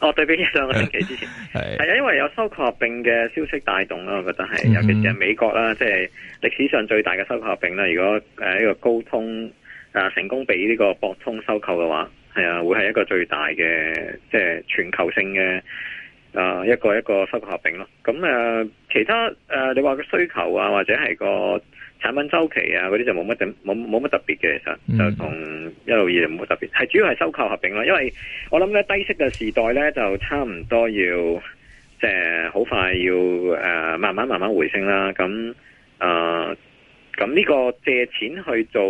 哦，對比一兩個星期之前係係啊，因為有收購合併嘅消息帶動啦，我覺得係，尤其是係美國啦，即係歷史上最大嘅收購合併啦。如果誒呢、呃、個高通啊、呃、成功俾呢個博通收購嘅話，係啊，會係一個最大嘅即係全球性嘅啊、呃、一個一個收購合併咯。咁誒、呃，其他誒、呃、你話個需求啊，或者係個。產品周期啊，嗰啲就冇乜特冇冇乜特別嘅，其實就同一路二就冇乜特別，係主要係收購合併啦。因為我諗咧低息嘅時代咧，就差唔多要即係好快要誒、呃、慢慢慢慢回升啦。咁誒咁呢個借錢去做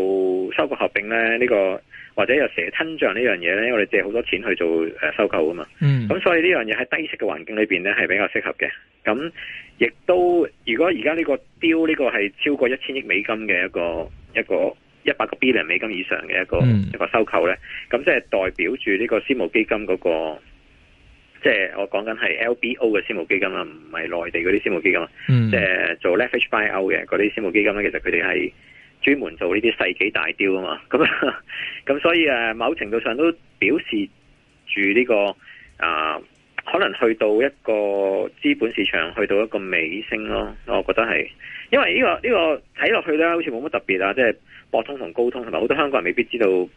收購合併咧，呢、呢個。或者又蛇吞象呢樣嘢咧，我哋借好多錢去做收購啊嘛。嗯。咁所以呢樣嘢喺低息嘅環境裏面咧，係比較適合嘅。咁亦都，如果而家呢個 deal 呢個係超過一千億美金嘅一個一個一百個 billion 美金以上嘅一個、嗯、一個收購咧，咁即係代表住呢個私募基金嗰、那個，即、就、係、是、我講緊係 LBO 嘅私募基金啦，唔係內地嗰啲私募基金。嗯。即係做 leveraged buyout 嘅嗰啲私募基金咧，嗯、金其實佢哋係。專門做呢啲世紀大雕啊嘛，咁咁所以某程度上都表示住呢、這個啊、呃，可能去到一個資本市場，去到一個尾聲咯。我覺得係，因為呢、這個呢、這個睇落去咧，好似冇乜特別啊，即係博通同高通，同埋好多香港人未必知道誒、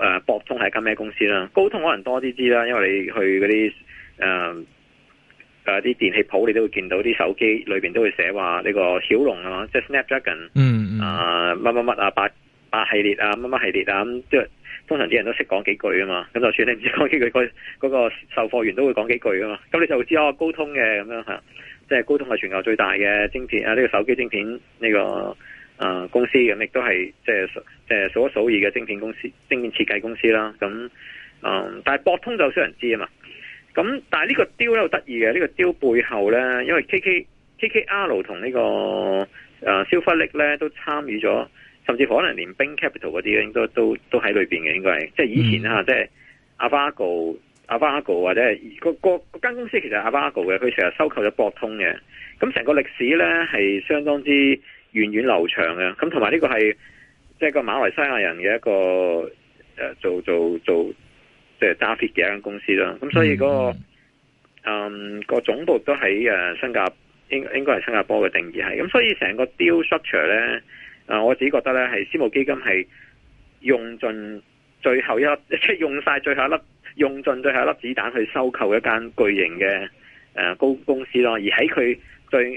呃、博通係間咩公司啦。高通可能多啲知啦，因為你去嗰啲誒啲電器鋪，你都會見到啲手機裏面都會寫話呢個驍龍啊嘛，即係 Snapdragon。嗯。啊乜乜乜啊八八系列啊乜乜系列啊，咁即係通常啲人都識講幾句㗎嘛，咁就算你唔知講幾句嗰、那個個售貨員都會講幾句㗎嘛，咁你就會知我、哦、高通嘅，咁樣吓，即、啊、係、就是、高通係全球最大嘅晶片啊呢、這個手機晶片呢、這個、啊、公司，咁亦都係即係即係數一數二嘅晶片公司，晶片設計公司啦。咁、啊、但係博通就少人知啊嘛，咁但係呢個雕咧，好得意嘅，呢個雕背後咧，因為 KK、KKR 同呢、這個。誒，Silver Lake 咧都參與咗，甚至可能連 Bain Capital 嗰啲應該都都喺裏面嘅，應該係即係以前、嗯、啊，即係 Avago、Avago 或者係個個個間公司其實 Avago 嘅，佢成日收購咗博通嘅，咁、嗯、成個歷史咧係、嗯、相當之源遠流長嘅，咁同埋呢個係即係個馬來西亞人嘅一個、呃、做做做即係揸 fit 嘅一間公司啦，咁、嗯、所以嗰、嗰個嗯，嗯個總部都喺、啊、新加坡。應應該係新加坡嘅定義係，咁所以成個 deal structure 咧，啊我自己覺得咧係私募基金係用盡最後一粒，即係用晒最後一粒用盡最後一粒子彈去收購一間巨型嘅誒、呃、高公司咯，而喺佢最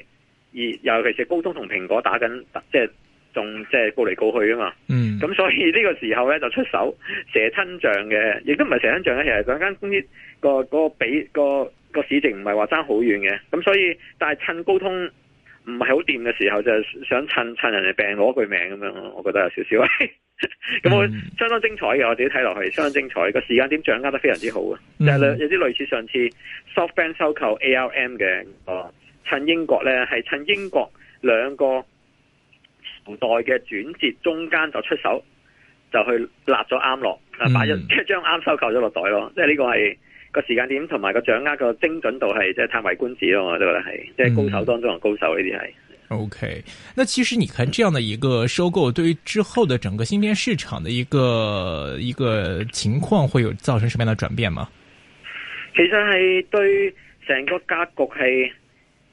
而尤其是高通同蘋果打緊，即係仲即係告嚟告去啊嘛。嗯。咁所以呢個時候咧就出手蛇吞象嘅，亦都唔係蛇吞象咧，其實兩間公司、個嗰、個比、個。個市值唔係話爭好遠嘅，咁所以，但係趁高通唔係好掂嘅時候，就係、想趁趁人哋病攞佢命咁樣，我覺得有少少，咁 我相當精彩嘅，我自己睇落去相當精彩，個時間點掌握得非常之好啊！即係有啲類似上次 SoftBank 收購 ARM 嘅，趁英國呢係趁英國兩個時代嘅轉折中間就出手，就去立咗啱落，把一即啱收購咗落袋咯，即係呢個係。個時間點同埋個掌握個精準度係，即係嘆為觀止咯，我都覺得係即係高手當中嘅高手呢啲係。嗯，OK，那其實你看，這樣的一個收購，對於之後的整個芯片市場的一個一個情況，會有造成什麼樣的轉變嗎？其實係對成個格局係。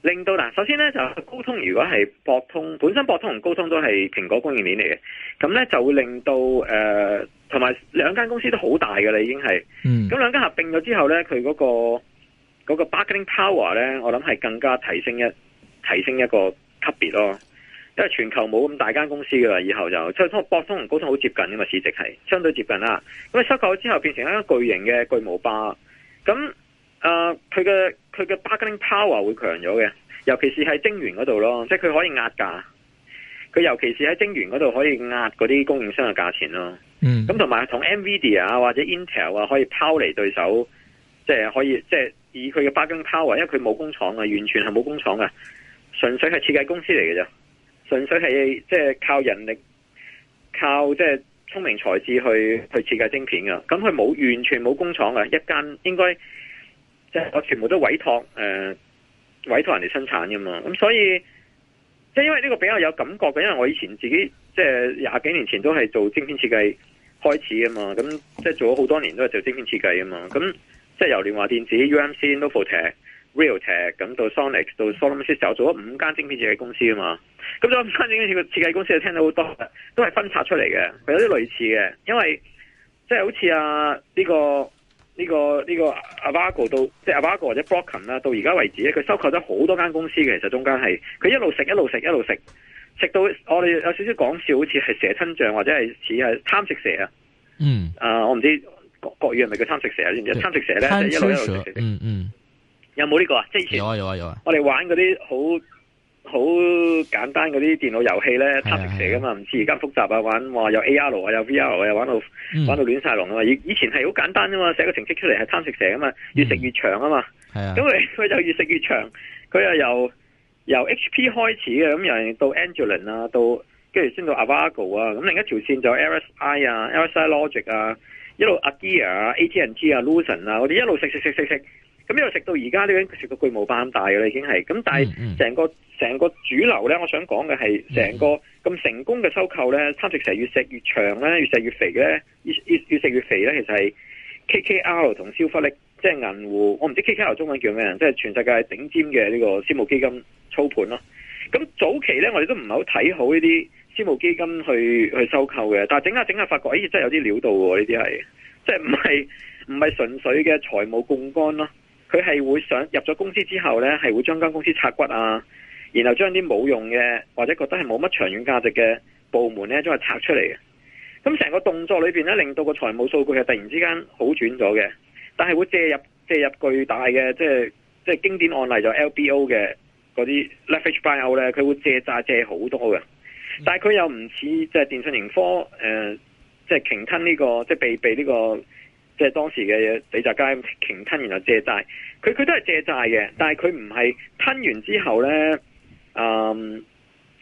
令到嗱，首先咧就高通如果係博通，本身博通同高通都係蘋果供應鏈嚟嘅，咁咧就會令到誒，同、呃、埋兩間公司都好大㗎啦，已經係，咁、嗯、兩間合併咗之後咧，佢嗰個嗰個 bargaining power 咧，我諗係更加提升一提升一個級別咯，因為全球冇咁大間公司噶啦，以後就即係通博通同高通好接近嘅嘛，市值係相對接近啦，咁收購咗之後變成一間巨型嘅巨無霸，咁誒佢嘅。呃佢嘅 bargaining power 會強咗嘅，尤其是係晶圓嗰度咯，即係佢可以壓價。佢尤其是喺晶圓嗰度可以壓嗰啲供應商嘅價錢咯。嗯，咁同埋同 Nvidia 啊或者 Intel 啊可以拋離對手，即係可以即係以佢嘅 bargaining power，因為佢冇工廠啊，完全係冇工廠啊，純粹係設計公司嚟嘅啫，純粹係即係靠人力、靠即係聰明才智去去設計晶片啊。咁佢冇完全冇工廠啊，一間應該。即係我全部都委託誒、呃，委託人哋生產噶嘛，咁所以即係、就是、因為呢個比較有感覺嘅，因為我以前自己即係廿幾年前都係做晶片設計開始噶嘛，咁即係做咗好多年都係做晶片設計啊嘛，咁即係由聯華電子、UMC、UM、Novatek、Realtek 咁到 Sonics 到 Solomon Systech 做咗五間晶片設計公司啊嘛，咁做五間晶片個設計公司就聽到好多，都係分拆出嚟嘅，佢有啲類似嘅，因為即係、就是、好似啊呢、這個。呢、這個呢、這個 Avago 到，即係 Avago 或者 Broadcom 啦，到而家為止咧，佢收購咗好多間公司嘅，其實中間係佢一路食一路食一路食，食到我哋有少少講笑，好似係蛇吞象或者係似係貪食蛇啊。嗯。啊、呃，我唔知國，國語係咪叫貪食蛇啊？貪食、嗯、蛇咧，蛇就一路一路食、嗯。嗯嗯。有冇呢個啊？即係前有啊有啊有啊。有啊有啊我哋玩嗰啲好。好簡單嗰啲電腦遊戲咧，貪食蛇噶嘛，唔似而家複雜啊，玩話有 A R 啊，有 V R 啊，又玩到、嗯、玩到亂晒龍啊嘛。以以前係好簡單啫嘛，寫個程式出嚟係貪食蛇啊嘛，越食越長啊嘛。咁佢佢就越食越長，佢又由由 H P 開始嘅，咁又到 Angelen 啊，到跟住先到 Avago 啊，咁另一條線就有 LSI 啊，LSI Logic 啊，一路 Agere 啊，AT&T 啊，Lucent 啊，我哋、啊、一路食食食食食。咁呢為食到而家呢樣，食到巨無霸咁大㗎啦，已經係咁。但係成個成個主流咧，我想講嘅係成個咁成功嘅收購咧，貪食蛇越食越長咧，越食越肥嘅咧，越越食越肥咧，其實係 KKR 同消化力，即係銀戶我唔知 KKR 中文叫咩人，即係全世界頂尖嘅呢個私募基金操盤咯。咁早期咧，我哋都唔係好睇好呢啲私募基金去去收購嘅，但係整下整下發覺，咦、哎，真係有啲料到喎。呢啲係，即係唔係唔係純粹嘅財務槓桿咯。佢係會想入咗公司之後呢係會將間公司拆骨啊，然後將啲冇用嘅或者覺得係冇乜長遠價值嘅部門呢，將佢拆出嚟嘅。咁成個動作裏邊呢，令到個財務數據係突然之間好轉咗嘅。但係會借入借入巨大嘅，即係即係經典案例就 LBO 嘅嗰啲 leverage buyout 呢，佢會借債借好多嘅。但係佢又唔似即係電信盈科誒、呃就是這個，即係鯨吞呢個即係被被呢個。即係當時嘅地攤街咁傾吞，然後借債，佢佢都係借債嘅，但係佢唔係吞完之後呢，嗯，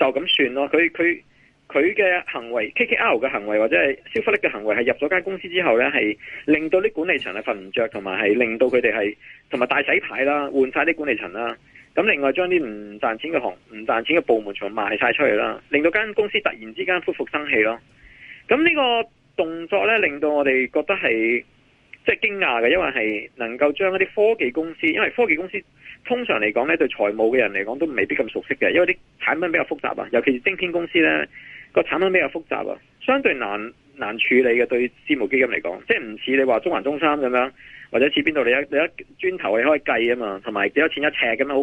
就咁算咯。佢佢佢嘅行為，K K R 嘅行為，或者係消費力嘅行為，係入咗間公司之後呢，係令到啲管理層係瞓唔着，同埋係令到佢哋係同埋大洗牌啦，換晒啲管理層啦。咁另外將啲唔賺錢嘅行、唔賺錢嘅部門全部賣曬出嚟啦，令到間公司突然之間恢復生氣咯。咁呢個動作呢，令到我哋覺得係。即係驚訝嘅，因為係能夠將一啲科技公司，因為科技公司通常嚟講咧，對財務嘅人嚟講都未必咁熟悉嘅，因為啲產品比較複雜啊，尤其是晶片公司咧，個產品比較複雜啊，相對難難處理嘅，對私募基金嚟講，即係唔似你話中環中三咁樣，或者似邊度你一你一磚頭你可以計啊嘛，同埋幾多錢一尺咁樣，好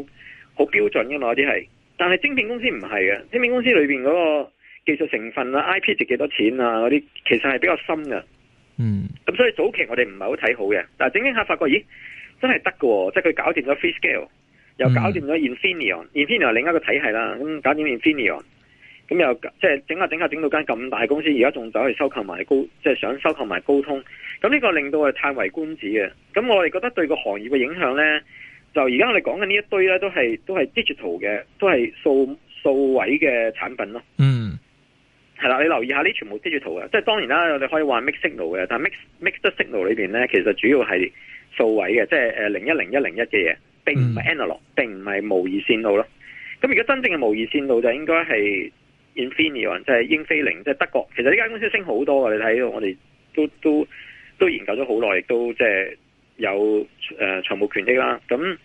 好標準嘅嘛呢啲係，但係晶片公司唔係嘅，晶片公司裏邊嗰個技術成分啊，IP 值幾多錢啊嗰啲，其實係比較深嘅。嗯，咁所以早期我哋唔係好睇好嘅，但係整整下發覺，咦，真係得喎。即係佢搞掂咗 Free Scale，又搞掂咗 Infinion，Infinion 另一個體係啦，咁搞掂 Infinion，咁又即係整下整下整到間咁大公司，而家仲走去收購埋高，即係想收購埋高通，咁呢個令到我哋嘆為觀止嘅，咁我哋覺得對個行業嘅影響咧，就而家我哋講緊呢一堆咧，都係都係 digital 嘅，都係數數位嘅產品咯。嗯。係啦，你留意下呢，全部 digital 嘅，即係當然啦，我哋可以話 mix signal 嘅，但 mix mix signal 裏邊咧，其實主要係數位嘅，即係誒零一零一零一嘅嘢，並唔係 analog 並唔係模擬線路咯。咁而家真正嘅模擬線路就應該係 Infineon，即係英飛凌，即係德國。其實呢間公司升好多嘅，你睇到我哋都都都研究咗好耐，亦都即係有誒財務權益啦。咁呢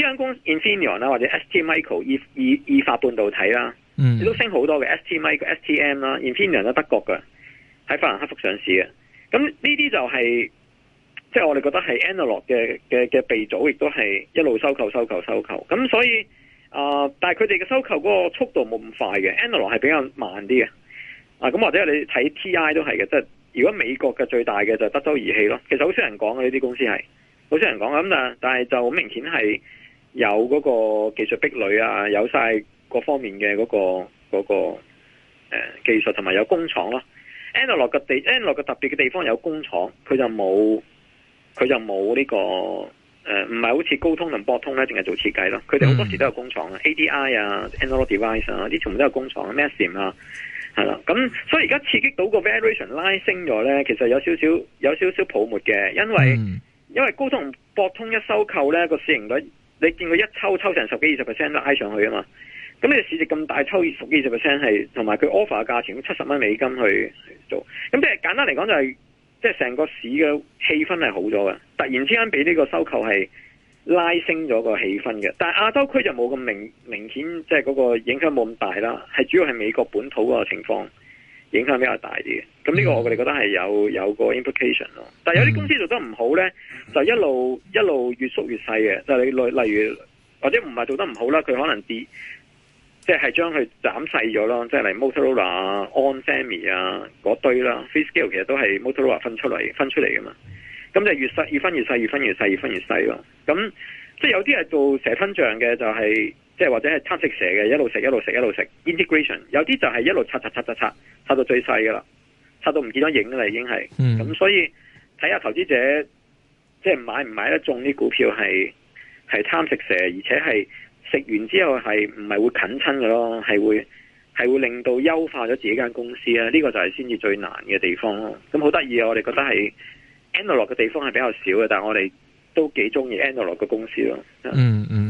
間公 Infineon 啦，In ion, 或者 STMicro 意法半導體啦。嗯，你都升好多嘅 STM 個 STM 啦 Infineon 都德國嘅，喺法蘭克福上市嘅。咁呢啲就係即係我哋覺得係 analog 嘅嘅嘅鼻祖，亦都係一路收購、收購、收購。咁所以啊、呃，但係佢哋嘅收購嗰個速度冇咁快嘅 analog 係比較慢啲嘅。啊，咁或者你睇 TI 都係嘅，即係如果美國嘅最大嘅就係德州儀器咯。其實好少人講嘅呢啲公司係，好少人講。咁但係但係就好明顯係有嗰個技術壁壘啊，有晒。各方面嘅嗰、嗰個嗰、嗰個、呃、技術同埋有工廠咯，Analog 嘅地 Analog 嘅特別嘅地方有工廠，佢就冇佢就冇呢、呢個誒，唔、呃、係好似高通同博通咧，淨係做設計咯。佢哋好多時都有工廠、嗯、ADI 啊，Analog Device 啊，啲全部都有工廠 Maxim 啊，係啦。咁所以而家刺激到個 Variation 拉升咗咧，其實有少少有少少泡沫嘅，因為、嗯、因為高通博通一收購咧，個市盈率你見佢一抽抽成十幾二十 percent 都挨上去啊嘛。咁你市值咁大，抽二十 percent 係同埋佢 offer 嘅價錢，七十蚊美金去做。咁即係簡單嚟講、就係，就係即係成個市嘅氣氛係好咗嘅。突然之間俾呢個收購係拉升咗個氣氛嘅。但係亞洲區就冇咁明明顯，即係嗰個影響冇咁大啦。係主要係美國本土嗰個情況影響比較大啲嘅。咁呢個我哋覺得係有有個 implication 咯。但係有啲公司做得唔好咧，就一路一路越縮越細嘅。就你、係、例例如，或者唔係做得唔好啦，佢可能跌。即係將佢斬細咗咯，即係嚟 Motorola On、啊、Onsemi 啊嗰堆啦，Freescale 其實都係 Motorola 分出嚟分出嚟噶嘛，咁就越細越分越細越分越細越分越細咯。咁即係有啲係做蛇吞象嘅，就係、是、即係或者係貪食蛇嘅，一路食一路食一路食 integration，有啲就係一路拆拆拆拆拆拆到最細噶啦，拆到唔見咗影啦，已經係，咁、嗯、所以睇下投資者即係買唔買得中啲股票係係貪食蛇，而且係。食完之後係唔係會近親嘅咯？係會係會令到優化咗自己間公司啊，呢、這個就係先至最難嘅地方咯。咁好得意，啊，我哋覺得係 analog 嘅地方係比較少嘅，但係我哋都幾中意 analog 嘅公司咯，嗯。嗯嗯。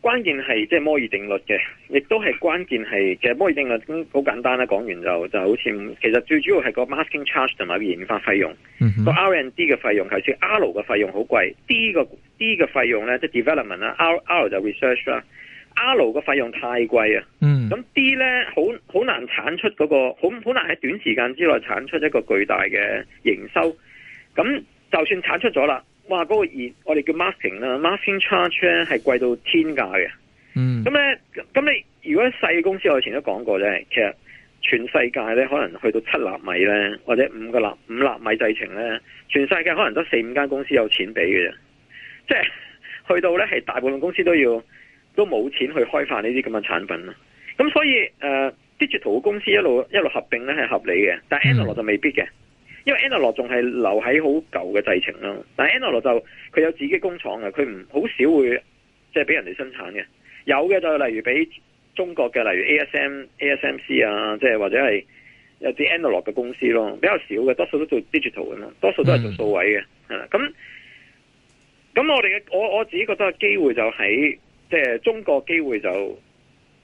關鍵係即係摩爾定律嘅，亦都係關鍵係其實摩爾定律。好簡單啦，講完就就好似其實最主要係個 masking charge 同埋個研發費用。個、嗯、哼 R and D 嘅費用，用，用，就算、是、R 嘅費用好貴，D 個 D 嘅費用咧，即係 development 啦，R R 就 research 啦，R 嘅費用太貴啊。嗯，咁 D 咧好好難產出嗰、那個，好好難喺短時間之內產出一個巨大嘅營收。咁就算產出咗啦。哇！嗰、那個熱，我哋叫 marking 啦 marking charge 咧係貴到天價嘅。嗯。咁咧，咁你如果細嘅公司，我以前都講過啫，其實全世界咧可能去到七納米咧，或者五個納五納米製程咧，全世界可能得四五間公司有錢俾嘅啫。即係去到咧，係大部分公司都要都冇錢去開發呢啲咁嘅產品啦。咁所以誒，digital、呃、公司一路一路合併咧係合理嘅，但係 analog、嗯、就未必嘅。因為 Analog 仲係留喺好舊嘅製程啦，但係 Analog 就佢有自己工廠嘅，佢唔好少會即係俾人哋生產嘅。有嘅就例如俾中國嘅，例如 ASM、ASMC AS 啊，即係或者係有啲 Analog 嘅公司咯，比較少嘅，多數都做 digital 咁嘛，多數都係做數位嘅。嚇、嗯，咁咁、啊、我哋嘅我我自己覺得機會就喺即係中國機會就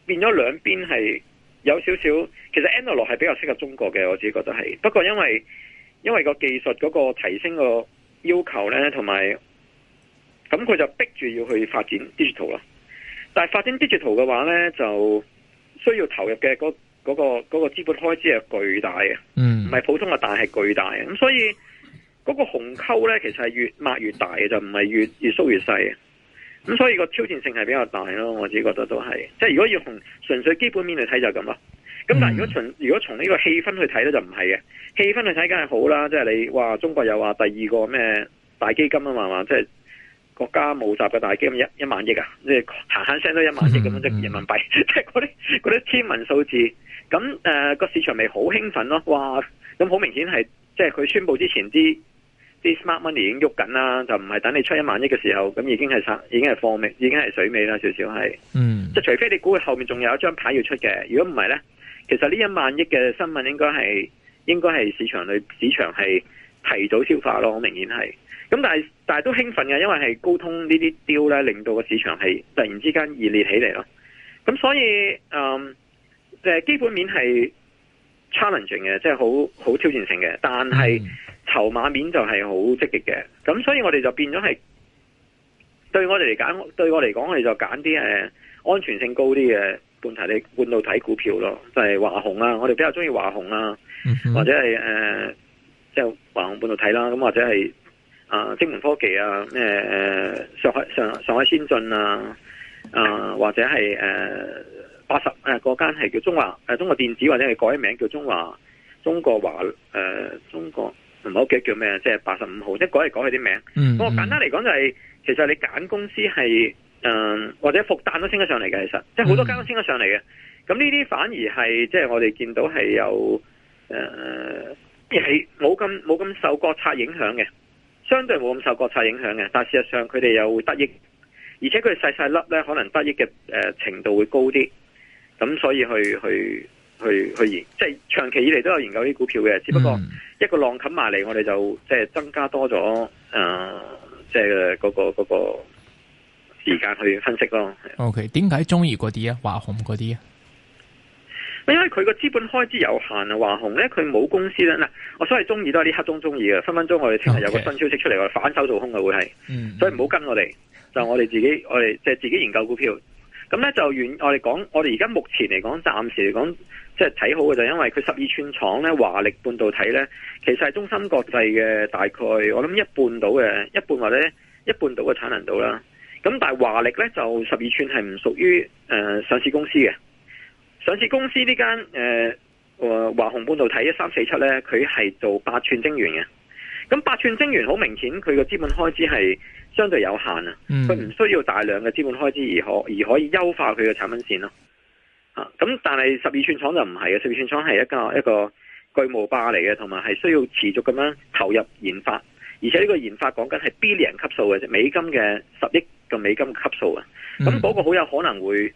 變咗兩邊係有少少，其實 Analog 係比較適合中國嘅，我自己覺得係。不過因為因為嗰個技術嗰個提升個要求呢，同埋咁佢就逼住要去發展 digital 啦。但係發展 digital 嘅話呢，就需要投入嘅嗰、嗰個嗰、嗰個資、嗰個、本開支係巨大嘅，唔係普通嘅，但係巨大嘅。咁所以嗰個鴻溝呢，其實係越擘越大嘅，就唔係越越縮越細嘅。咁所以個挑戰性係比較大咯，我自己覺得都係。即係如果要從純粹基本面嚟睇就咁啦咁、嗯、但係如果從如果從呢個氣氛去睇咧就唔係嘅，氣氛去睇梗係好啦，即係你哇中國又話第二個咩大基金啊嘛嘛，即係國家募集嘅大基金一一萬億啊，即係閒閒聲，都一萬億咁樣，即係人民幣，即係嗰啲啲天文數字。咁誒，個市場咪好興奮咯，哇！咁好明顯係即係佢宣布之前啲啲 smart money 已經喐緊啦，就唔係等你出一萬億嘅時候，咁已經係已經係貨尾，已經係水尾啦，少少係。嗯。即係除非你估佢後面仲有一張牌要出嘅，如果唔係咧。其實呢一萬億嘅新聞應該係應該係市場裏市場係提早消化咯，好明顯係。咁但係但係都興奮嘅，因為係高通呢啲 deal 呢，令到個市場係突然之間熱烈起嚟咯。咁、嗯、所以，嗯，誒、就是，基本面係 challenging 嘅，即係好好挑戰性嘅。但係籌碼面就係好積極嘅。咁所以我哋就變咗係對我哋嚟講，對我嚟講，我哋就揀啲誒安全性高啲嘅。半導體你半路睇股票咯，就係華虹啊，我哋比較中意華虹啊，或者係誒，即係華虹半導體啦，咁或者係、呃、晶門科技啊，咩、呃、上海上上海先進啊，啊、呃、或者係誒八十誒間係叫中華誒、呃、中國電子，或者係改名叫中華中國華誒、呃、中國唔記得叫咩，即係八十五號，即、就、係、是、改嚟改去啲名。不過、嗯嗯、簡單嚟講就係、是，其實你揀公司係。嗯，或者復旦都升得上嚟嘅，其實即係好多間都升得上嚟嘅。咁呢啲反而係即係我哋見到係有誒，係冇咁冇咁受國策影響嘅，相對冇咁受國策影響嘅。但係事實上佢哋又會得益，而且佢哋細細粒咧，可能得益嘅誒、呃、程度會高啲。咁、嗯、所以去去去去研，即係長期以嚟都有研究啲股票嘅。只不過一個浪冚埋嚟，我哋就即係增加多咗誒、呃，即係嗰個個。嗰個時間去分析咯。O K，點解中意嗰啲啊？華虹嗰啲啊？因為佢個資本開支有限啊。華虹咧，佢冇公司呢。嗱，我所謂中意都係啲黑中中意嘅，分分鐘我哋聽日有個新消息出嚟，我哋 Okay. 反手做空嘅會係。嗯嗯所以唔好跟我哋，就我哋自己，我哋即係自己研究股票。咁咧就原我哋講，我哋而家目前嚟講，暫時嚟講，即係睇好嘅就因為佢十二寸廠咧，華力半導體咧，其實係中芯國際嘅大概我諗一半到嘅，一半或者一半到嘅產能度啦。咁但係華力咧就十二寸係唔屬於誒上市公司嘅，上市公司呢間誒華華虹半導體一三四七咧，佢係做八寸晶圓嘅。咁八寸晶圓好明顯，佢個資本開支係相對有限啊，佢唔、嗯、需要大量嘅資本開支而可而可以優化佢嘅產品線咯。啊，咁但係十二寸廠就唔係嘅，十二寸廠係一個一個巨無霸嚟嘅，同埋係需要持續咁樣投入研發，而且呢個研發講緊係 billion 級數嘅啫，美金嘅十億。個美金嘅級數啊，咁嗰個好有可能會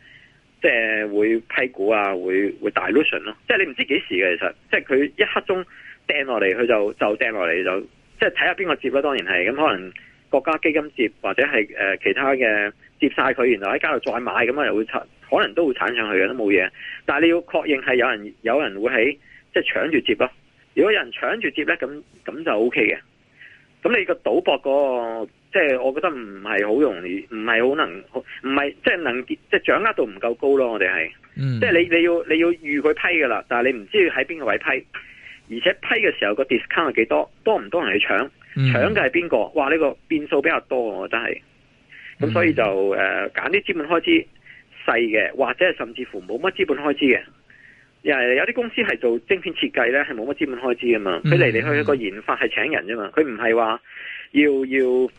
即係會批股啊，會會大 dilution 咯，即係你唔知幾時嘅，其實即係佢一刻鐘掟落嚟，佢就就掟落嚟就即係睇下邊個接啦，當然係咁，可能國家基金接或者係誒、呃、其他嘅接晒佢，原來喺街度再買咁啊，樣又會可能都會鏟上去嘅，都冇嘢。但係你要確認係有人有人會喺即係搶住接咯，如果有人搶住接咧，咁咁就 O K 嘅。咁你賭，個賭博嗰個。即係我覺得唔係好容易，唔係好能，唔係即係能，即係掌握度唔夠高咯。我哋係，嗯、即係你你要你要預佢批噶啦，但係你唔知要喺邊個位批，而且批嘅時候個 discount 係幾多，多唔多人去搶，搶嘅係邊個？哇！呢、這個變數比較多，我覺得係，咁所以就誒揀啲資本開支細嘅，或者係甚至乎冇乜資本開支嘅，又係有啲公司係做晶片設計咧，係冇乜資本開支噶嘛。佢嚟嚟去去，個研發係請人啫嘛，佢唔係話要要。要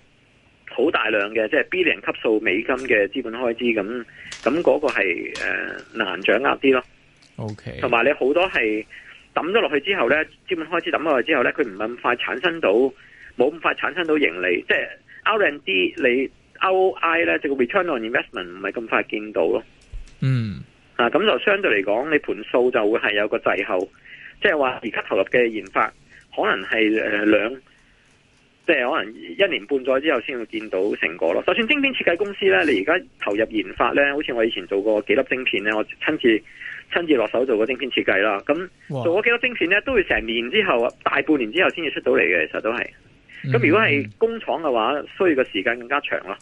好大量嘅，即係 Billion 級數美金嘅資本開支，咁咁嗰個係誒、呃、難掌握啲咯。O K，同埋你好多係抌咗落去之後咧，資本開支抌落去之後咧，佢唔係咁快產生到，冇咁快產生到盈利，即係 R&D 你 ROI 咧，即、就、係、是、個 return on investment 唔係咁快見到咯。嗯、mm. 啊，啊咁就相對嚟講，你盤數就會係有個滯後，即係話而家投入嘅研發可能係誒兩。呃即係可能一年半載之後先會見到成果咯。就算晶片設計公司呢，你而家投入研發呢，好似我以前做過幾粒晶片呢，我親自親自落手做過晶片設計啦。咁做咗幾粒晶片呢，都會成年之後，大半年之後先至出到嚟嘅，其實都係。咁如果係工廠嘅話，需要嘅時間更加長咯。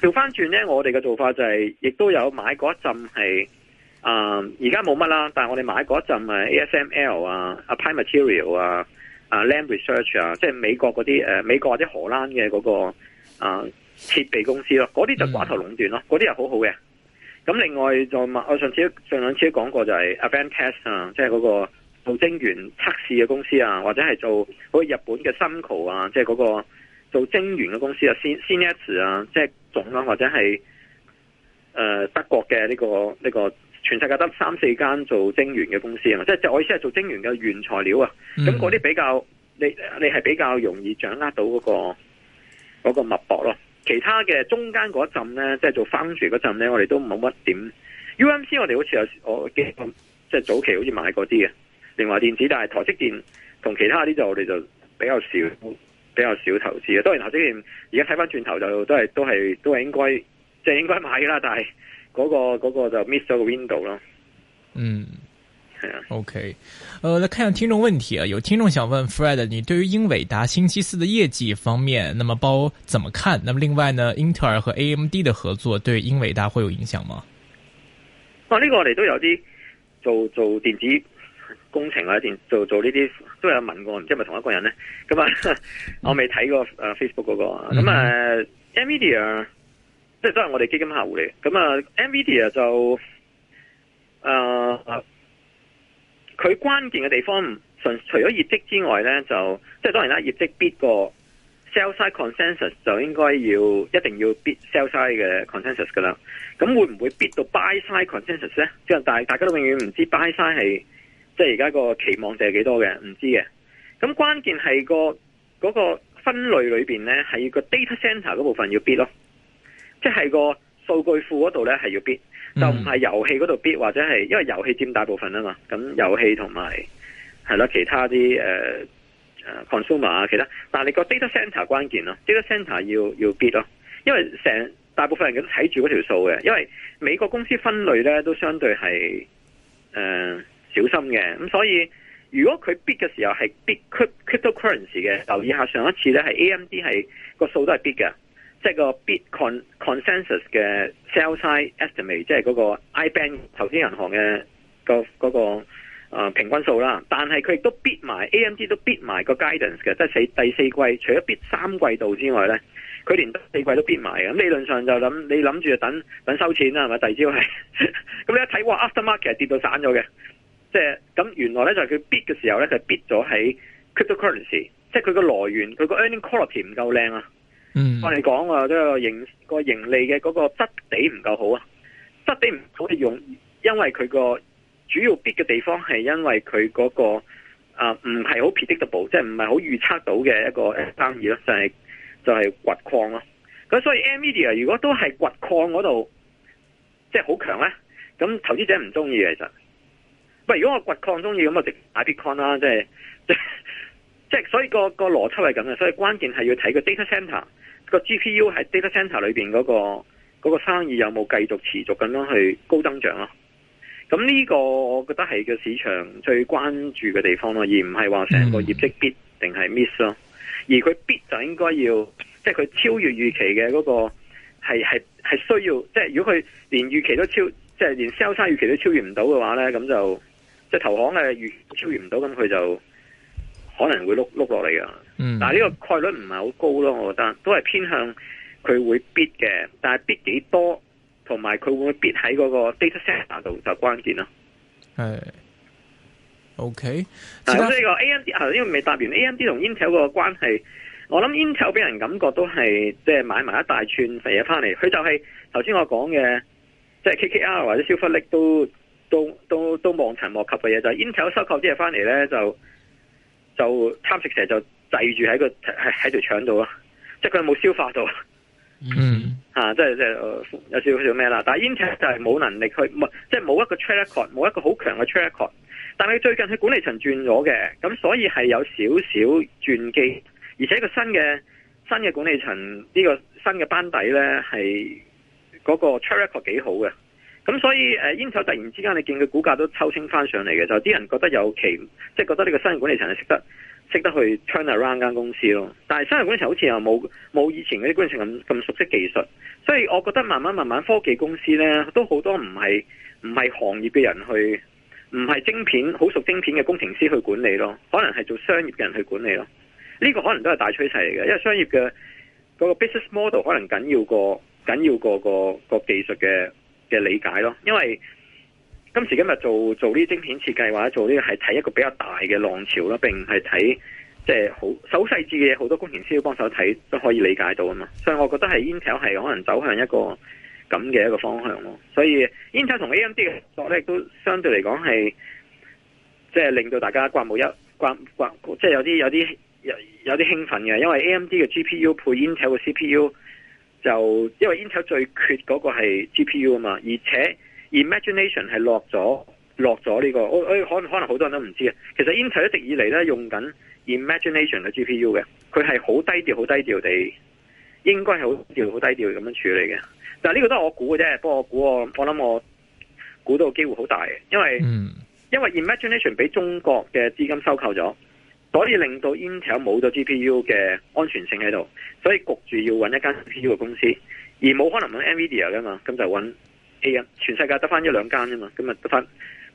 調翻轉呢，我哋嘅做法就係，亦都有買嗰一陣係，啊、呃，而家冇乜啦，但係我哋買嗰陣係 ASML 啊，啊，pie material 啊。啊、uh、Lam Research 啊，即係美國嗰啲誒美國或者荷蘭嘅嗰、那個啊、呃、設備公司咯、啊，嗰啲就寡頭壟斷咯、啊，嗰啲又好好嘅。咁另外就我上次上兩次都講過就係 Advantest 啊，即係嗰個做晶圓測試嘅公司啊，或者係做好似日本嘅 Sumco 啊，即係嗰個做晶圓嘅公司啊 Cynex 啊，即係總啦、啊，或者係誒、呃、德國嘅呢個呢個。這個全世界得三四間做晶圓嘅公司啊，即係即係我意思係做晶圓嘅原材料啊，咁嗰啲比較你你係比較容易掌握到嗰個嗰個脈搏咯。其他嘅中間嗰陣咧，即係做 foundry 嗰陣咧，我哋都冇乜點。 UMC 我哋好似有我即係早期好似買過啲嘅聯華電子，但係台積電同其他啲就我哋就比較少比較少投資嘅。當然台積電而家睇翻轉頭就都係都係都係應該即係應該買啦，但係。嗰、那個嗰、那個就 miss 咗個 Window 咯，嗯，係啊，OK，呃，再看下聽眾問題啊，有聽眾想問 Fred，你對於英偉達星期四的業績方面，那麼包怎麼看？那麼另外呢，英特爾和 AMD 的合作對英偉達會有影響嗎？啊，呢、這個我哋都有啲做做電子工程啊，電做做呢啲都有問過，唔知係咪同一個人咧？咁啊，我未睇過誒 Facebook 嗰、那、啊、個。咁啊，NVIDIA。即係都係我哋基金客戶嚟，咁啊，Nvidia 就，誒、呃，佢關鍵嘅地方，除除咗業績之外呢，就即係當然啦，業績 beat 個 sell side consensus 就應該要一定要 beat sell side 嘅 consensus 噶啦。咁會唔會 beat 到 buy side consensus 呢？即係大家都永遠唔知道 buy side 係即係而家個期望值係幾多嘅，唔知嘅。咁關鍵係個嗰、嗰個分類裏邊咧，係個 data centre 嗰部分要 beat 咯即係個數據庫嗰度咧係要 bid，就唔係遊戲嗰度 bid 或者係，因為遊戲佔大部分啊嘛。咁遊戲同埋係啦，其他啲誒誒、呃、consumer 啊，其他。但係你個 data center 關鍵咯、啊，data center 要要 bid 咯、啊，因為成大部分人都睇住嗰條數嘅。因為美國公司分類咧都相對係誒、呃、小心嘅，咁、嗯、所以如果佢 bid 嘅時候係 bid cryptocurrency 嘅，留意下上一次咧係 AMD 係個數都係 bid 嘅。即係個 bit consensus 嘅 sell side estimate，即係嗰個 IBank 投資銀行嘅、個嗰、個、呃、平均數啦。但係佢亦都 bit 埋 AMD 都 bit 埋個 guidance 嘅，即係四第四季除咗 bit 三季度之外咧，佢連第四季都 bit 埋嘅。咁理論上就諗你諗住等等收錢啦，係咪？第二招係咁， 你一睇哇，after market 跌到散咗嘅，即係咁原來咧就係佢 bit 嘅時候咧，佢 bit 咗喺 cryptocurrency，即係佢個來源佢個 earning quality 唔夠靚啊。我哋講啊，即係盈個盈利嘅嗰個質地唔夠好啊，質地唔好係用，因為佢個主要跌嘅地方係因為佢嗰、嗰個唔係、呃、好 predictable，即係唔係好預測到嘅一個生意咯，就係、是、就係、是、掘礦咯。咁所以，Air、Media 如果都係掘礦嗰度，即係好強咧，咁投資者唔中意其實。喂，如果我掘礦中意，咁我就買 Bitcoin 啦，就是，即係即係即係， 所以，嗰個、嗰個邏輯係咁嘅，所以關鍵係要睇個 data center。個 G P U 喺 data center 裏邊嗰個嗰個生意有冇繼續持續咁樣去高增長咯？咁呢個我覺得係個市場最關注嘅地方咯，而唔係話成個業績 beat 定係 miss 咯。而佢 beat 就應該要，即係佢超越預期嘅嗰個係係係需要。即係如果佢連預期都超，即係連 sales 預期都超越唔到嘅話咧，咁就即係投行嘅越超越唔到，咁佢就。可能會碌碌落嚟噶，但係呢個概率唔係好高咯。我覺得都係偏向佢會 beat 嘅，但係 beat 幾多同埋佢會唔會 beat 喺嗰個 data centre 度就關鍵咯。係，OK。嗱，即係個 AMD 啊，因為未答完 AMD 同 Intel 個關係，我諗 Intel 俾人感覺都係即係買埋一大串肥嘢翻嚟，佢就係頭先我講嘅，即係 KKR 或者 Silver Lake 都都都都，都望塵莫及嘅嘢，就係 Intel 收購啲嘢翻嚟咧就。就貪食蛇，蛇就滯住喺個喺喺條到度咯，即係佢冇消化到，嗯吓、 啊，即係即係有少有少咩啦。但係 Intel 就係冇能力去，即係冇一個 t r a r a c t e r 冇一個好強嘅 t r a r a c t e r 但係最近佢管理層轉咗嘅，咁所以係有少少轉機。而且個新嘅新嘅管理層呢、這個新嘅班底咧係嗰個 t r a r a c t e r 幾好嘅。咁所以誒，Intel、啊、突然之間，你見佢股價都抽升翻上嚟嘅，就啲人覺得有其即係、就是、覺得呢個新任管理層係識得識得去 turn around 間公司咯。但係新任管理層好似又冇冇以前嗰啲管理層咁咁熟悉技術，所以我覺得慢慢慢慢科技公司呢都好多唔係唔係行業嘅人去，唔係晶片好熟晶片嘅工程師去管理咯，可能係做商業嘅人去管理咯。呢、這個可能都係大趨勢嚟嘅，因為商業嘅嗰、那個 business model 可能緊要過緊要過、那個、那個技術嘅。嘅理解咯，因為今時今日做做啲晶片設計或者做呢個係睇一個比較大嘅浪潮咯，並唔係睇即係好手細緻嘅嘢，好多工程師要幫手睇都可以理解到啊嘛。所以我覺得係 Intel 係可能走向一個咁嘅一個方向咯。所以 Intel 同 AMD 嘅合作咧都相對嚟講係即係令到大家刮目一刮刮，即係有啲有啲有有啲興奮嘅，因為 AMD 嘅 GPU 配 Intel 嘅 CPU。就因為 Intel 最缺嗰個係 GPU 啊嘛，而且 Imagination 係落咗落咗呢個，我可能可能好多人都唔知啊。其實 Intel 一直以嚟咧用緊 Imagination 嘅 GPU 嘅，佢係好低調好低調地，應該係好調好低調咁樣處理嘅。但係呢個都係我估嘅啫，不過我估我我諗我估到個機會好大嘅，因為、嗯、因為 Imagination 俾中國嘅資金收購咗。所以令到 Intel 冇咗 GPU 嘅安全性喺度，所以焗住要揾一間 GPU 嘅公司，而冇可能揾 NVIDIA 㗎嘛，咁就揾 AMD，全世界得翻一兩間啫嘛，咁啊得翻，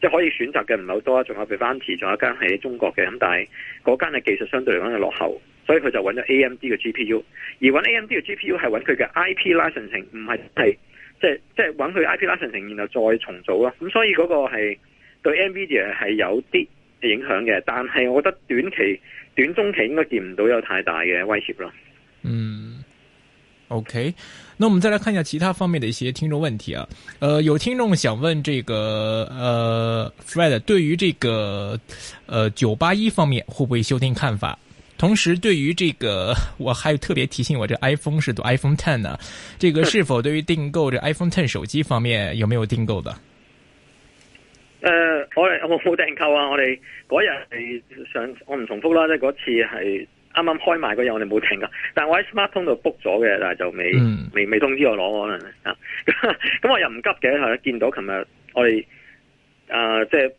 即係可以選擇嘅唔係好多，仲有佢翻仲有一間係中國嘅，咁但係嗰間嘅技術相對嚟講係落後，所以佢就揾咗 AMD 嘅 GPU，而揾 AMD 嘅 GPU 係揾佢嘅 IP licensing，唔係係即係即係揾佢 IP licensing，然後再重組啦，咁所以嗰個係對 NVIDIA 係有啲。影響嘅，但係我覺得短期、短中期應該見唔到有太大嘅威脅咯。嗯，OK，那我們再來看一下其他方面的一些聽眾問題啊。呃，有聽眾想問這個，呃，Fred 對於這個，呃，九八一方面會不會修訂看法？同時，對於這個，我還有特別提醒我，這 iPhone 是讀 iPhone Ten 啊，這個是否對於訂購這 iPhone Ten 手機方面有沒有訂購的？呃。我哋我冇訂購啊！我哋嗰日係上，我唔重複啦，即係嗰次係啱啱開賣嗰日，我哋冇訂噶。但係我喺 Smart 通度 book 咗嘅，但係就未未未通知我攞可能啊，咁 我又唔急嘅嚇，見到琴日我哋啊、呃呃、即係。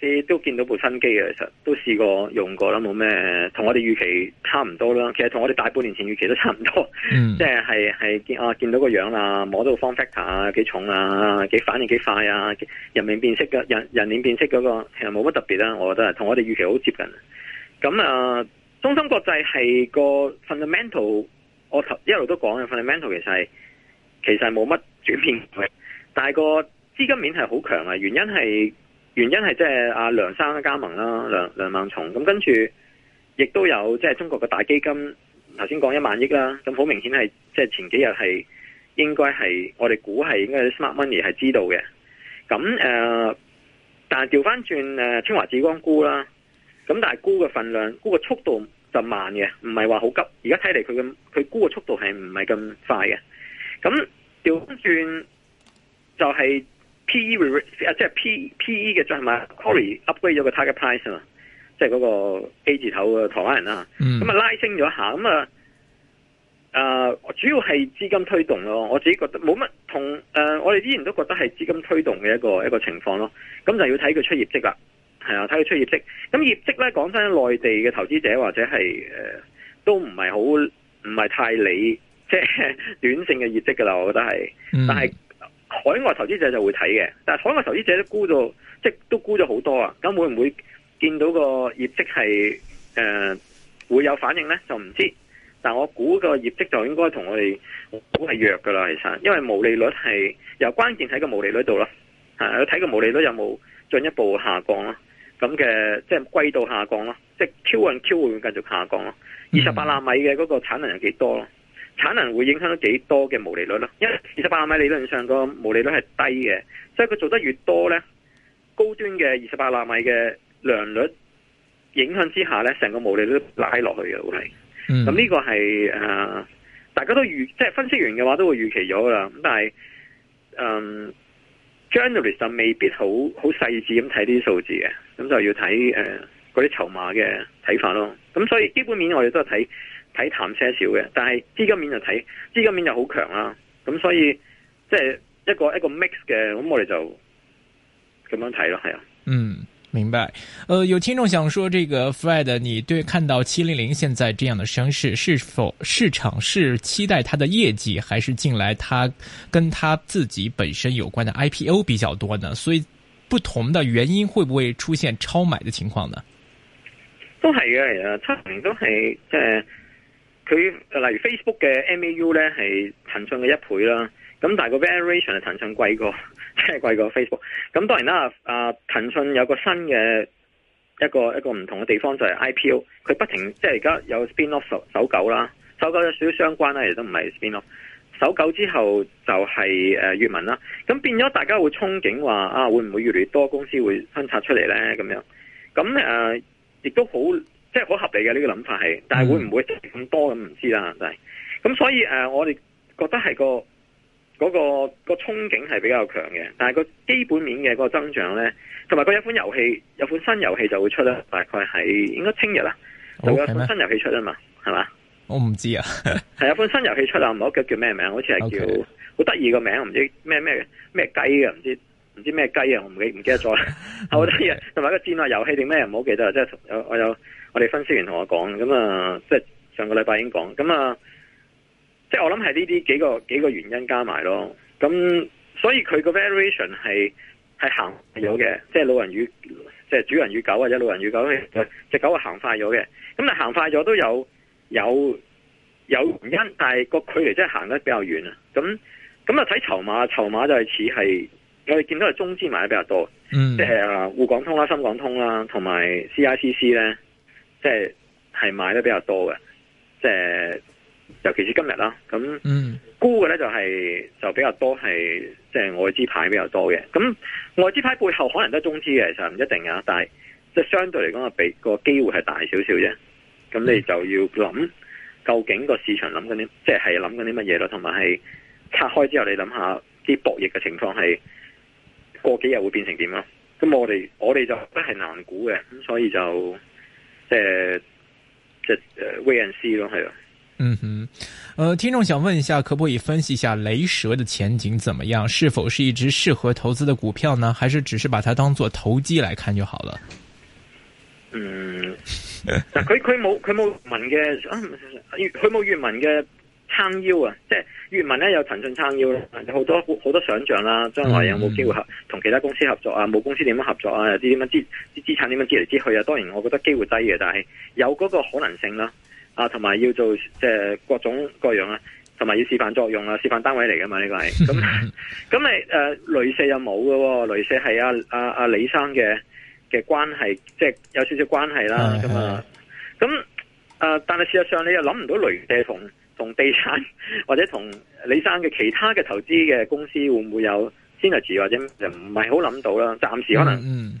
啲都見到部新機嘅，其實都試過用過啦，冇咩同我哋預期差唔多啦。其實同我哋大半年前預期都差唔多，嗯、即係係見啊，見到個樣啊，摸到 form factor 啊，幾重啊，幾反應幾快啊，人面辨識、嘅人人臉辨識嗰個其實冇乜特別啦，我覺得，同我哋預期好接近。咁、嗯、啊，中芯國際係個 fundamental，我頭一路都講嘅 fundamental 其實係其實冇乜轉變，但係個資金面係好強啊，原因係。原因係即係阿梁生加盟啦，梁梁孟松咁跟住，亦都有即係、就是、中國嘅大基金，頭先講一萬億啦，咁好明顯係即係前幾日係應該係我哋估係應該 smart money 係知道嘅，咁誒、呃，但係調翻轉誒，清華紫光估啦，咁但係估嘅份量，估嘅速度就慢嘅，唔係話好急，而家睇嚟佢嘅佢估嘅速度係唔係咁快嘅，咁調翻轉就係、是。p 啊，即係 P.P.E. 嘅啫係、就、嘛、是、，Corey upgrade 咗個 target price 啊嘛，即係嗰個 A 字頭嘅台灣人啦，咁啊、嗯、拉升咗下，咁、嗯、啊，啊、呃、主要係資金推動咯，我自己覺得冇乜同誒、呃，我哋依然都覺得係資金推動嘅一個一個情況咯，咁、嗯、就要睇佢出業績啦，係啊，睇佢出業績，咁、嗯、業績咧講返，內地嘅投資者或者係誒、呃、都唔係好唔係太理即係短性嘅業績噶啦，我覺得係，但係。嗯海外投資者就會睇嘅，但係海外投資者都沽咗，即係都沽咗好多啊！咁會唔會見到個業績係誒、呃、會有反應呢？就唔知道。但我估個業績就應該同我哋估係弱噶啦，其實，因為毛利率係由關鍵喺個毛利率度咯，係睇個毛利率有冇進一步下降咯，咁嘅即係軌道下降咯，即係 Q1 Q 會唔會繼續下降咯？二十八納米嘅嗰個產能有幾多咯？嗯產能會影響到幾多嘅毛利率咯？因為二十八納米理論上個毛利率係低嘅，所以佢做得越多呢，高端嘅二十八納米嘅良率影響之下呢，成個毛利率都拉落去嘅會係。咁呢、嗯、個係誒、呃、大家都預即係分析完嘅話都會預期咗啦。咁但係嗯、呃、general 就未必好好細緻咁睇啲數字嘅，咁就要睇誒嗰啲籌碼嘅睇法咯。咁所以基本面我哋都係睇。睇淡些少嘅，但係資金面就睇資金面就好強啦。咁所以即係、就是、一個一個 mix 嘅，咁我哋就咁樣睇咯，係啊。嗯，明白。誒、呃，有聽眾想說，這個 Fred，你對看到七零零現在這樣的升勢，是否市場是期待它的業績，還是近來它跟它自己本身有關的 IPO 比較多呢？所以不同的原因，會不會出現超買的情況呢？都係嘅，係啊，七零都係即係。佢例如 Facebook 嘅 MAU 咧係騰訊嘅一倍啦，咁但係個 variation 係騰訊貴過，即係貴過 Facebook。咁當然啦，啊騰訊有一個新嘅一個一個唔同嘅地方就係 IPO，佢不停即係而家有 spin off 搜狗啦，搜狗有少少相關啦，亦都唔係 spin off。搜狗之後就係誒閲文啦，咁變咗大家會憧憬話啊，會唔會越嚟越多公司會分拆出嚟咧？咁樣咁誒，亦、呃、都好。即係好合理嘅呢、這個諗法係，但係會唔會咁多咁唔、嗯、知啦，就係咁。所以誒、呃，我哋覺得係個嗰個個，個憧憬係比較強嘅，但係個基本面嘅個增長咧，同埋佢有款遊戲有款新遊戲就會出啦，大概喺應該聽日啦，有款新遊戲出啊嘛，係嘛？我唔知，Okay 我唔知啊，係有款新遊戲出啊，唔好叫叫咩名，好似係叫好得意個名，唔知咩咩咩雞嘅，唔知唔知咩雞啊，我唔記唔記得咗啦，好得意，同埋個戰略遊戲定咩，唔好記得啦，即係我有。我有我哋分析員同我講，咁啊，即係上個禮拜已經講，咁啊，即係我諗係呢啲幾個幾個原因加埋咯。咁所以佢個 variation 係係行咗嘅，即係老人與即係主人與狗或者老人與狗嘅隻狗係行快咗嘅。咁啊，行快咗都有有有原因，但係個距離真係行得比較遠啊。咁咁啊睇籌碼，籌碼就係似係我哋見到係中資買得比較多，即係啊滬港通啦、深港通啦同埋 CICC 咧。即係係買得比較多嘅，即係尤其是今日啦。咁沽嘅咧就係、是、就比較多係即係外資牌比較多嘅。咁外資牌背後可能都係中資嘅，其實唔一定啊。但係即係相對嚟講，個比個機會係大少少啫。咁你就要諗究竟個市場諗緊啲，即係諗緊啲乜嘢咯？同埋係拆開之後你想想，你諗下啲博弈嘅情況係過幾日會變成點咯？咁我哋我哋就都係難估嘅，咁所以就。誒，即係誒，VNC 咯，係、呃、嗯哼，誒、呃，聽眾想問一下，可不可以分析一下雷蛇的前景怎麼樣？是否是一隻適合投資嘅股票呢？還是只是把它當做投機來看就好了？嗯，佢佢冇佢冇文嘅，佢冇粵文嘅。撐腰啊！即係越文咧，有騰訊撐腰很很啦，有好多好多想象啦，將來有冇機會合同其他公司合作啊？冇公司點樣合作啊？又啲點樣資資產點樣接嚟接去啊？當然我覺得機會低嘅，但係有嗰個可能性啦，啊，同埋要做即係、呃、各種各樣啦，同埋要示範作用啊示範單位嚟噶嘛？呢個係咁咁咪誒雷射又冇噶，雷射係啊啊阿、啊、李生嘅嘅關係，即係有少少關係啦。咁啊咁啊，但係事實上你又諗唔到雷射同。同地產或者同李生嘅其他嘅投資嘅公司會唔會有先 i m 或者唔係好諗到啦？暫時可能。嗯嗯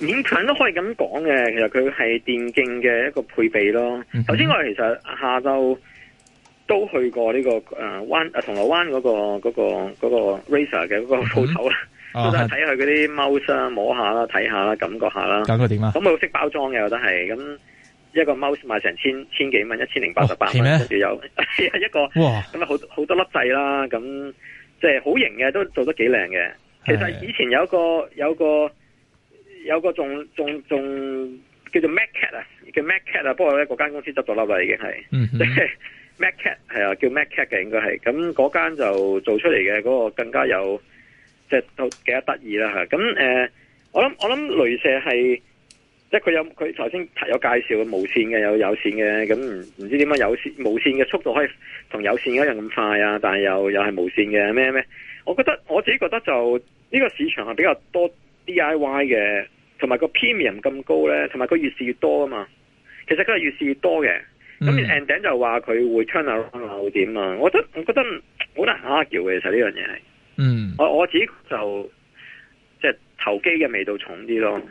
勉強都可以咁講嘅，其實佢係電競嘅一個配備咯。首先、嗯、哼我哋其實下晝都去過呢個誒灣誒銅鑼灣嗰個嗰、嗰個嗰、嗰個 Razer 嘅嗰個鋪頭啦，嗯、都係睇佢嗰啲 mouse 啊，摸下啦，睇下啦，感覺下啦。感覺點啊？好唔好？識包裝嘅我都係咁一個 mouse 賣成千千幾蚊，一千零八十八。蚊、哦，咩？跟住後有 一個咁啊哇，好好多粒掣啦，咁即係好型嘅，都做得幾靚嘅。其實以前有個有個。有個仲仲仲叫做 MacCat Mac、嗯、哼 Mac 啊，叫 MacCat 啊，不過咧嗰間公司執咗笠啦，已經係。MacCat 係啊，叫 MacCat 嘅應該係。咁嗰間就做出嚟嘅嗰個更加有，即係都幾得意啦嚇。咁、啊呃、我諗我諗雷射係，即係佢有佢頭先有介紹嘅無線嘅有有線嘅，咁唔知點解有線無線嘅速度可以同有線一樣咁快啊？但係又又係無線嘅咩咩？我覺得我自己覺得就呢、這個市場係比較多 DIY 嘅。同埋個 premium 咁高咧，同埋佢越試越多啊嘛，其實佢係越試越多嘅。咁而 ending 就話佢會 turn around 會點啊？我覺得我覺得好難 hard core 嘅，其實呢樣嘢係。嗯，我我自己就即係、就是、投機嘅味道重啲咯。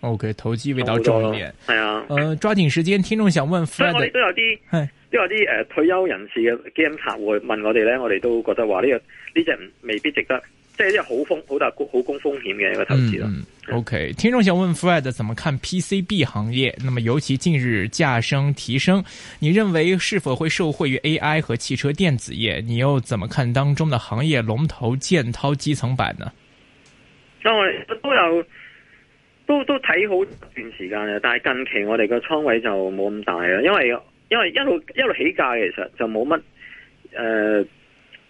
O、okay, K，投機味道重啲咯。係啊，嗯，抓緊時間，聽眾想問，所以我哋都有啲，都嘿有啲誒退休人士嘅 game 客會問我哋咧，我哋都覺得話呢、這個呢隻、這個、未必值得。即係一啲好風好大好高風險嘅一個投資咯。嗯、okay，聽眾想問 Fred，怎麼看 P C B 行業？那麼尤其近日價升提升，你認為是否會受惠於 A I 和汽車電子業？你又怎麼看當中的行業龍頭建滔基層板呢？我都有都都睇好一段時間嘅，但係近期我哋個倉位就冇咁大啦，因為因為一路一路起價，其實就冇乜誒。呃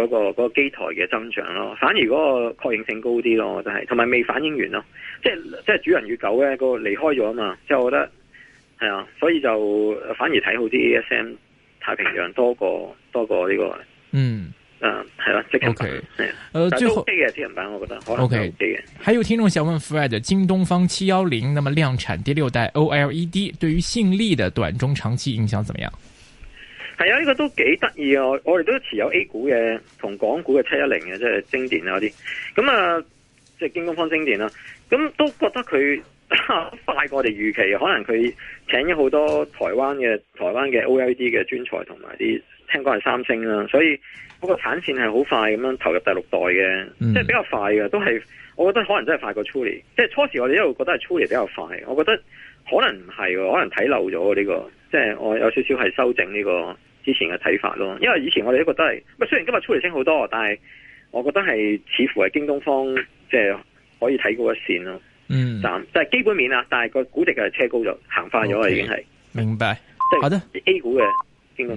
嗰、那個嗰、那個、機台嘅增長咯，反而嗰個確認性高啲咯，就真係同埋未反映完咯，即係即係主人與狗咧，個離開咗嘛，之後我覺得係啊，所以就反而睇好啲 ASM 太平洋多過多過呢、這個嗯啊係啦、啊，即刻。O Okay , K、啊。呃，ok、最能 O、ok、K。Okay, 還有聽眾想問 Fred，京東方七幺零，那麼量產第六代 O L E D 對於信利的短中長期影響怎麼樣？係啊，呢個都幾得意啊！我哋都持有 A 股嘅、同港股嘅七一零嘅，即係精電啊啲咁啊，即係京東方精電啦。咁都覺得佢快過我哋預期，可能佢請咗好多台灣嘅台灣嘅 OLED 嘅專才同埋啲聽講係三星啦，所以嗰個產線係好快咁樣投入第六代嘅，嗯、即係比較快嘅，都係我覺得可能真係快過初嚟，即係初時我哋一路覺得係初嚟比較快，我覺得可能唔係，可能睇漏咗呢個，即係我有點少少係修整呢個。之前嘅睇法咯，因為以前我哋都覺得係，咪雖然今日出嚟升好多，但係我覺得係似乎係京東方即係可以睇過一線咯。嗯，但即係基本面啊，但係個估值係車高咗，行快咗啊，已經係明白。即係，A 股嘅京東方。